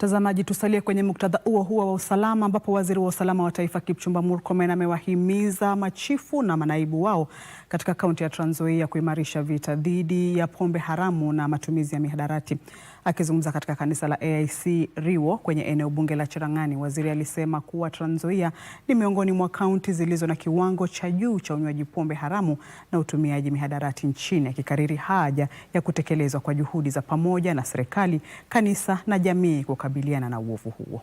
Mtazamaji, tusalie kwenye muktadha huo huo wa usalama ambapo waziri wa usalama wa taifa Kipchumba Murkomen amewahimiza machifu na manaibu wao katika kaunti ya Trans Nzoia kuimarisha vita dhidi ya pombe haramu na matumizi ya mihadarati. Akizungumza katika kanisa la AIC Riwo kwenye eneo bunge la Cherang'ani, waziri alisema kuwa Trans Nzoia ni miongoni mwa kaunti zilizo na kiwango cha juu cha unywaji pombe haramu na utumiaji mihadarati nchini, akikariri haja ya kutekelezwa kwa juhudi za pamoja na serikali, kanisa na jamii kukabiliana na uovu huo.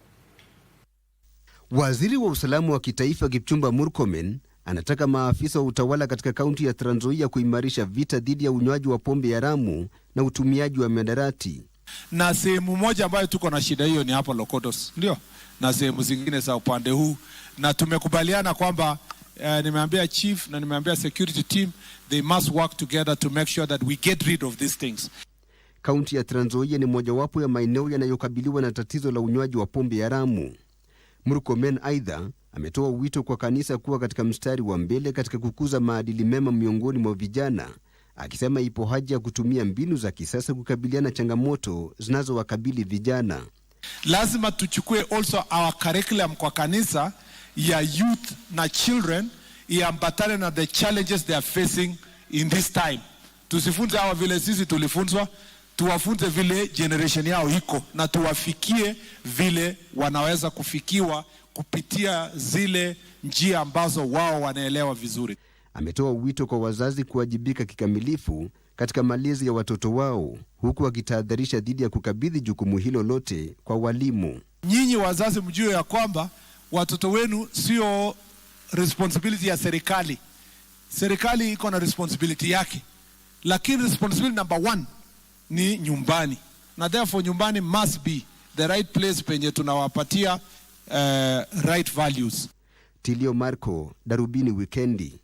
Waziri wa usalama wa kitaifa Kipchumba Murkomen anataka maafisa wa utawala katika kaunti ya Trans Nzoia kuimarisha vita dhidi ya unywaji wa pombe haramu na utumiaji wa mihadarati na sehemu moja ambayo tuko na shida hiyo ni hapo Lokotos, ndio na sehemu zingine za upande huu, na tumekubaliana kwamba uh, nimeambia chief na nimeambia security team they must work together to make sure that we get rid of these things. Kaunti ya Trans Nzoia ni mojawapo ya maeneo yanayokabiliwa na tatizo la unywaji wa pombe haramu. Murkomen aidha ametoa wito kwa kanisa kuwa katika mstari wa mbele katika kukuza maadili mema miongoni mwa vijana akisema ipo haja ya kutumia mbinu za kisasa kukabiliana changamoto zinazowakabili vijana. Lazima tuchukue also our curriculum kwa kanisa ya youth na children iambatane na the challenges they are facing in this time. Tusifunze hawa vile sisi tulifunzwa, tuwafunze vile generation yao iko na tuwafikie vile wanaweza kufikiwa kupitia zile njia ambazo wao wanaelewa vizuri ametoa wito kwa wazazi kuwajibika kikamilifu katika malezi ya watoto wao, huku akitahadharisha dhidi ya kukabidhi jukumu hilo lote kwa walimu. Nyinyi wazazi, mjue ya kwamba watoto wenu sio responsibility ya serikali. Serikali iko na responsibility yake, lakini responsibility number one ni nyumbani, na therefore nyumbani must be the right place penye tunawapatia uh, right values. Tilio Marco, Darubini Wikendi.